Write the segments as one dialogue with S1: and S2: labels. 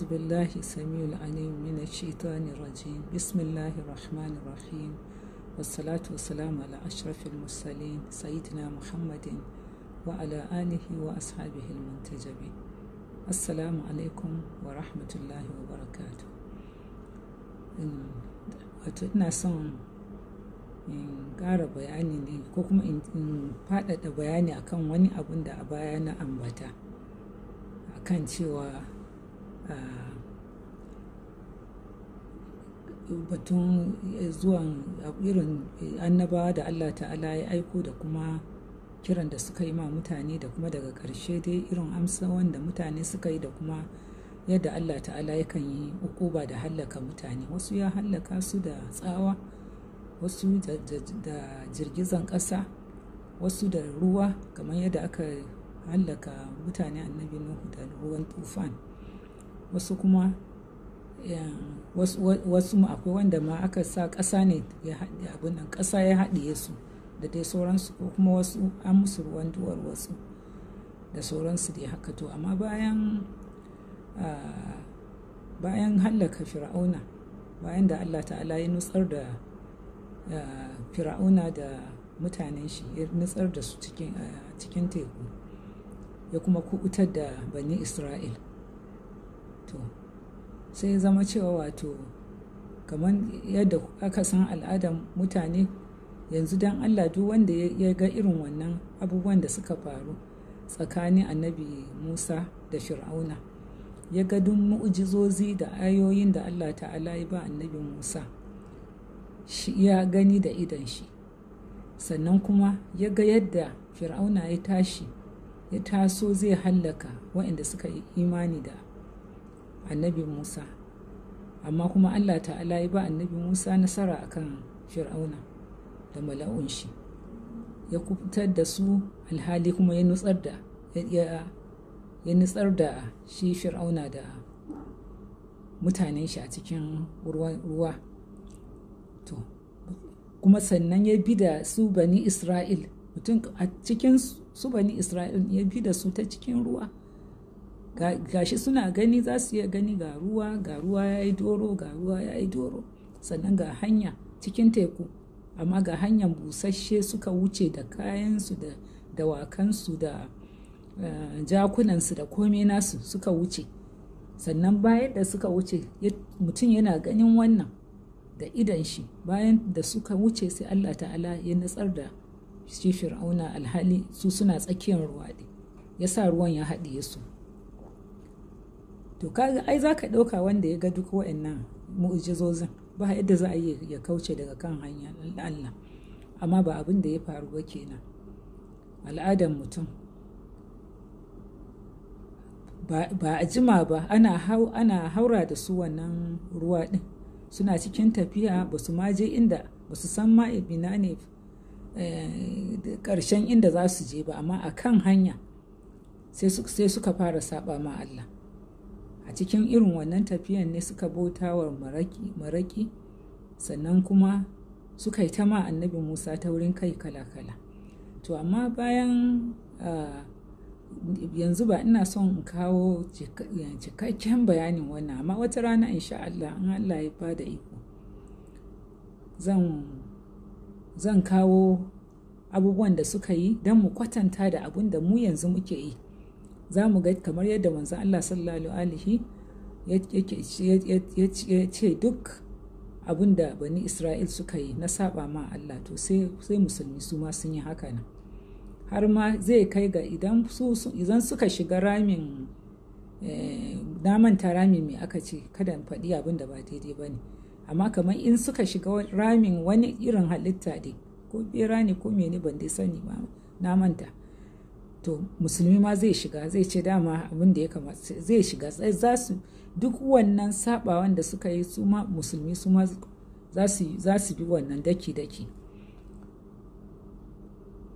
S1: أعوذ بالله السميع العليم من الشيطان الرجيم بسم الله الرحمن الرحيم والصلاة والسلام على أشرف المرسلين سيدنا محمد وعلى آله وأصحابه المنتجبين السلام عليكم ورحمة الله وبركاته وتنا son in ƙara bayani ne ko kuma in faɗaɗa bayani akan wani abun da a baya na ambata akan cewa Ah, batun zuwan irin annabawa da allah ta'ala ya aiko da kuma kiran da suka yi ma mutane da kuma daga karshe dai irin amsa wanda mutane suka yi da kuma yadda allah ta'ala kan yi ukuba da hallaka mutane wasu ya hallaka su da tsawa wasu da jirgizan ƙasa wasu da ruwa kamar yadda aka hallaka mutane annabi nuhu da ruwan tufan wasu kuma wasu mu akwai wanda ma aka sa ƙasa ne ya haɗe abin nan ƙasa ya haɗiye su da dai sauransu ko kuma wasu an musu ruwan duwar wasu da sauransu dai haka to amma bayan bayan hallaka fir'auna bayan da allah ta'ala ya nutsar da fir'auna da mutanen shi ya nutsar da su cikin teku ya kuma kubutar da bani isra'il to sai zama cewa wato kamar yadda aka san al'adar mutane yanzu don allah duk wanda ya ga irin wannan abubuwan da suka faru tsakanin annabi musa da fir'auna ya ga duk mu'ujizozi da ayoyin da allah ta'ala ya ba annabi musa shi ya gani da idan shi sannan kuma ya ga yadda fir'auna ya tashi ya taso zai hallaka waɗanda suka yi imani da annabi musa amma kuma allah ta'ala ya ba annabi musa nasara akan fir'auna da mala'un shi ya kubutar da su alhali kuma ya nutsar da ya nutsar da shi fir'auna da mutanen shi a cikin ruwa kuma sannan ya bi da su bani isra'il mutum a cikin su bani isra'il ya bi da su ta cikin ruwa gashi suna gani za su iya gani ga ruwa ga ruwa ya yi doro ga ruwa ya yi doro sannan ga hanya cikin teku amma ga hanyar busasshe suka wuce da kayansu da dawakansu da eh, jakunansu da komai nasu suka wuce sannan bayan da suka wuce mutum yana ganin wannan da idan shi bayan da suka wuce sai allah ta'ala ya nutsar da shi fir'auna alhali su suna tsakiyar ruwa ya sa ruwan ya haɗiye su to kaga ai za ka ɗauka wanda ya ga duk wa'annan mu'ujizozin ba yadda za a yi ya kauce daga kan hanya Allah amma ba abin da ya faru ba kenan al'adar mutum ba a jima ba ana haura da su wannan ruwa ɗin suna cikin tafiya ba su maje inda ba su san ma ne eh, ƙarshen inda za su je ba amma a kan hanya sai suka fara saba ma Allah a cikin irin wannan tafiyan ne suka bauta wa maraki, sannan kuma suka yi ta ma annabi musa ta wurin kai kala-kala to amma bayan ah, yanzu ba ina son in kawo cikakken bayanin wannan amma wata rana in sha Allah in Allah ya bada iko zan zan kawo abubuwan da suka yi don mu kwatanta da abun da mu yanzu muke yi za mu ga kamar yadda manzan Allah sallallahu alaihi ya ce duk abin da bani Isra'il suka yi na saba ma Allah to sai musulmi su ma sun yi haka nan har ma zai kai ga idan suka shiga ramin eh, naman mai aka ce kada in faɗi abin da ba daidai ba ne amma kamar in suka shiga ramin wani irin halitta dai ko bera ne ko mene ban dai sani ba na manta to musulmi ma zai shiga zai ce dama abin da ya kamata zai shiga za su duk wannan sabawan da suka yi su ma musulmi su ma za su bi wannan daki-daki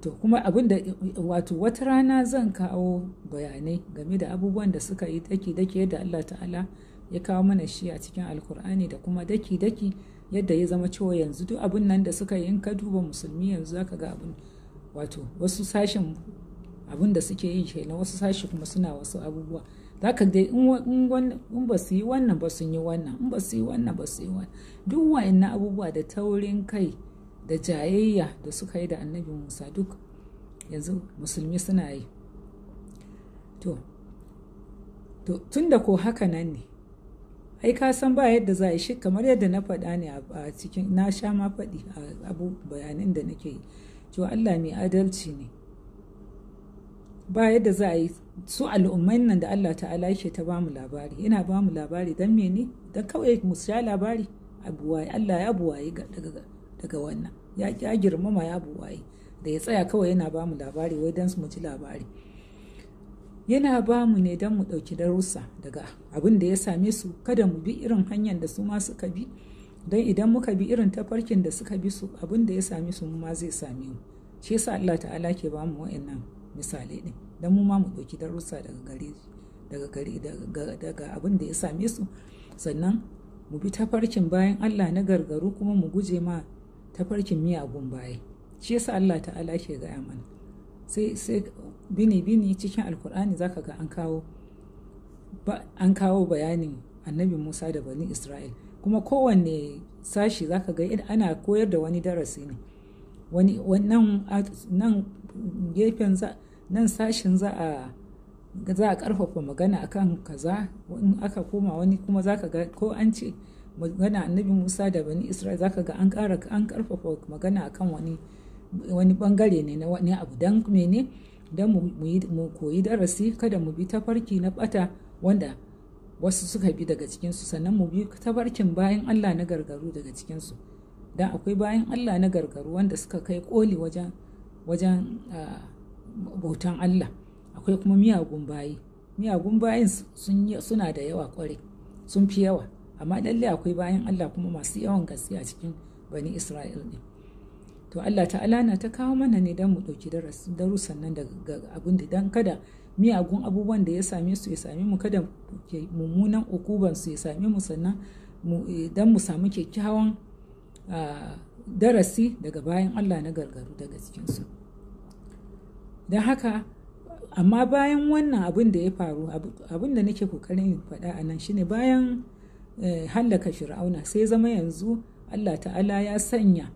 S1: to kuma abin da wato wata rana zan kawo bayanai game da abubuwan da suka yi daki-daki yadda Allah ta'ala ya kawo mana shi a cikin alkur'ani da kuma daki-daki yadda ya zama cewa yanzu duk abin nan da suka yi in ka duba musulmi yanzu za ka ga abin wato wasu sashen abin da suke yi kenan wasu sashi kuma suna wasu abubuwa za ka dai in ba su yi wannan ba sun yi wannan in ba su yi wannan ba su yi wannan duk wa'annan abubuwa da taurin kai da jayayya da suka yi da annabi musa duk yanzu musulmi suna yi to tun da ko haka nan ne ai ka san ba yadda za a yi shi kamar yadda na faɗa ne a cikin na sha ma faɗi a abu bayanin da nake yi to allah mai adalci ne ba yadda za a yi su al'ummai nan da Allah ta'ala yake ta ba mu labari ina ba mu labari don ne don kawai mu sha labari abuwaye Allah ya buwaye daga wannan ya girmama ya buwaye da ya tsaya kawai yana ba mu labari wai don su mu ji labari yana ba mu ne don mu ɗauki darussa daga abin da ya same su kada mu bi irin hanyar da su ma suka bi don idan muka bi irin tafarkin da suka bi su abin da ya same su mu ma zai same mu shi yasa Allah ta'ala ke ba mu wa'annan misalai ɗin don mu ma mu ɗauki darussa daga gare daga gare daga abin da ya same su sannan mu bi tafarkin bayan Allah na gargaru kuma mu guje ma tafarkin miyagun baya shi yasa Allah ta'ala ke gaya mana sai sai bini bini cikin alkur'ani zaka ga an kawo an kawo bayanin annabi Musa da bani Isra'il kuma kowanne sashi zaka ga ana koyar da wani darasi ne wani nan gefen nan sashin za a za a karfafa magana akan kaza in aka koma wani kuma za ka ga ko an ce magana annabi musa da bani isra'il za ka ga an kara an karfafa magana akan wani wani bangare ne na wani abu don mene don mu koyi darasi kada mu bi tafarki na bata wanda wasu suka bi daga cikinsu sannan mu bi tafarkin bayan allah na gargaru daga cikinsu don akwai bayan allah na gargaru wanda suka kai koli wajen wajen bautan allah akwai kuma miyagun bayi miyagun bayin suna da yawa kwarai sun fi yawa amma lalle akwai bayan allah kuma masu yawan gaske a cikin bani isra'il ne to allah ta'ala na ta kawo mana ne don mu ɗauki darussan nan daga abin da don kada miyagun abubuwan da ya same su ya same mu kada mummunan ukuban su ya same mu sannan eh, don mu samu kyakkyawan A darasi daga bayan Allah na gargaru daga cikinsu don haka amma bayan wannan abin da ya faru abin da nake kokarin faɗa a nan shine bayan e, hallaka shirauna sai zama yanzu Allah ta'ala ya sanya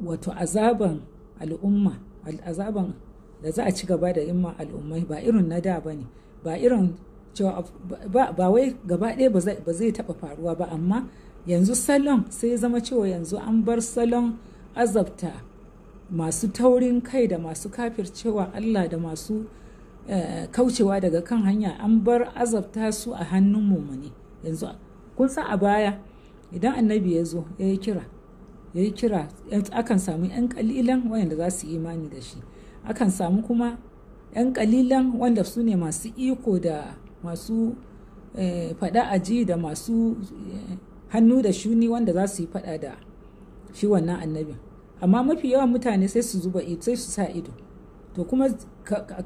S1: wato azaban al'umma azaban da za a ci gaba da imma al'ummai ba irin na da ba ne ba irin cewa ba wai gaba ɗaya ba zai taɓa faruwa ba amma yanzu salon sai zama cewa yanzu an bar salon azabta masu taurin kai da masu kafircewa Allah da masu eh, kaucewa daga kan hanya an bar azabta su a hannun mumuni yanzu kun sa a baya idan annabi ya zo ya yi kira ya yi kira eh, akan samu 'yan kalilan wanda za su imani da shi akan samu kuma 'yan kalilan wanda su ne masu iko da masu eh, faɗa aji da masu hannu da shuni wanda za su yi fada da shi wannan annabin amma mafi yawan mutane sai su zuba sai su sa ido to kuma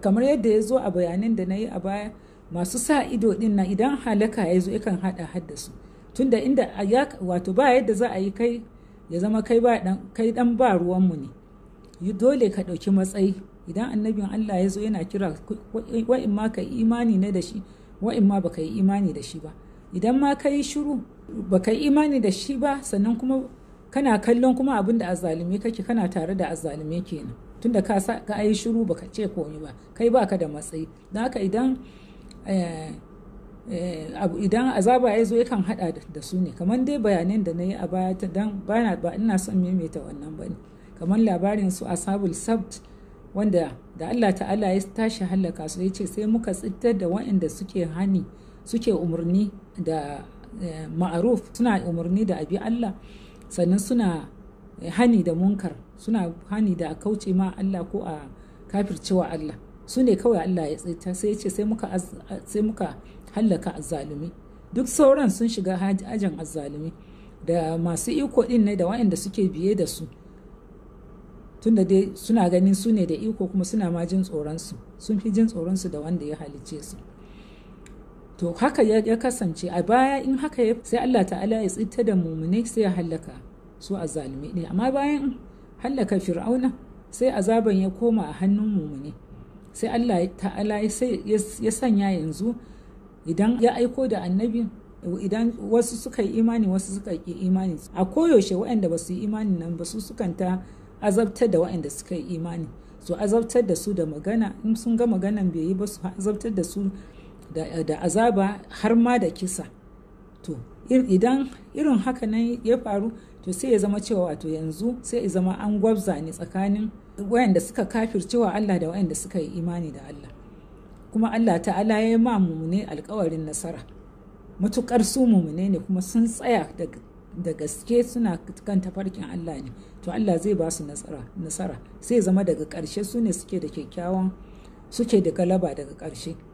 S1: kamar yadda ya zo a bayanin da na yi a baya masu sa ido din na idan halaka ya zo yakan haɗa hada su tunda inda wato ba yadda za a yi kai ya zama kai ba dan kai dan ba ruwan mu ne dole ka dauki matsayi idan annabin Allah ya zo yana kira wa'in ma ka imani ne da shi wa'in ma baka yi imani da shi ba idan ma ka yi shiru baka imani da shi ba sannan kuma kana kallon kuma abin da azalume kake kana tare da azalume kenan tunda ka sa ka yi shiru baka ce komai ba kai baka da matsayi don haka idan eh, eh, idan azaba ya zo yakan hada da su ne kamar dai bayanan da na yi a baya ta dan bana ba ina son maimaita wannan bane kamar labarin su sabul sabt wanda da Allah ta'ala ya tashi hallaka su ya ce sai muka tsittar da waɗanda suke hani suke umarni da Eh, ma'aruf suna umarni da abi Allah sannan suna hani da munkar suna hani da a kauce ma Allah ko a kafircewa Allah su ne kawai Allah ya tsaita sai ya ce sai muka sai muka hallaka azzalumi duk sauran sun shiga ajin azzalumi da masu iko din ne da waɗanda suke biye da su tunda dai suna ganin su ne da iko kuma suna ma jin tsoron su sun fi jin tsoron su da wanda ya halice su to haka ya kasance a baya in haka ya sai Allah ta'ala ya tsita da mumune sai ya hallaka su a zalimi ne amma bayan hallaka fir'auna sai azaban ya koma a hannun mumune sai Allah ta'ala ya sanya yanzu idan ya aiko da annabi idan wasu suka yi imani wasu suka yi imani a koyaushe waɗanda ba su yi imani nan ba su sukanta ta azabtar da waɗanda suka yi imani su azabtar da su da magana in sun ga maganan bai yi ba su azabtar da su da azaba har ma da kisa to idan irin haka nan ya faru to sai ya zama cewa wato yanzu sai ya zama an gwabza ne tsakanin wayanda suka kafircewa Allah da wayanda suka yi imani da Allah kuma Allah ta'ala ya ma mumune alkawarin nasara matukar su mumune ne kuma sun tsaya da gaske suna kan tafarkin Allah ne to Allah zai ba su nasara sai zama daga karshe su ne suke da kyakkyawan suke da galaba daga karshe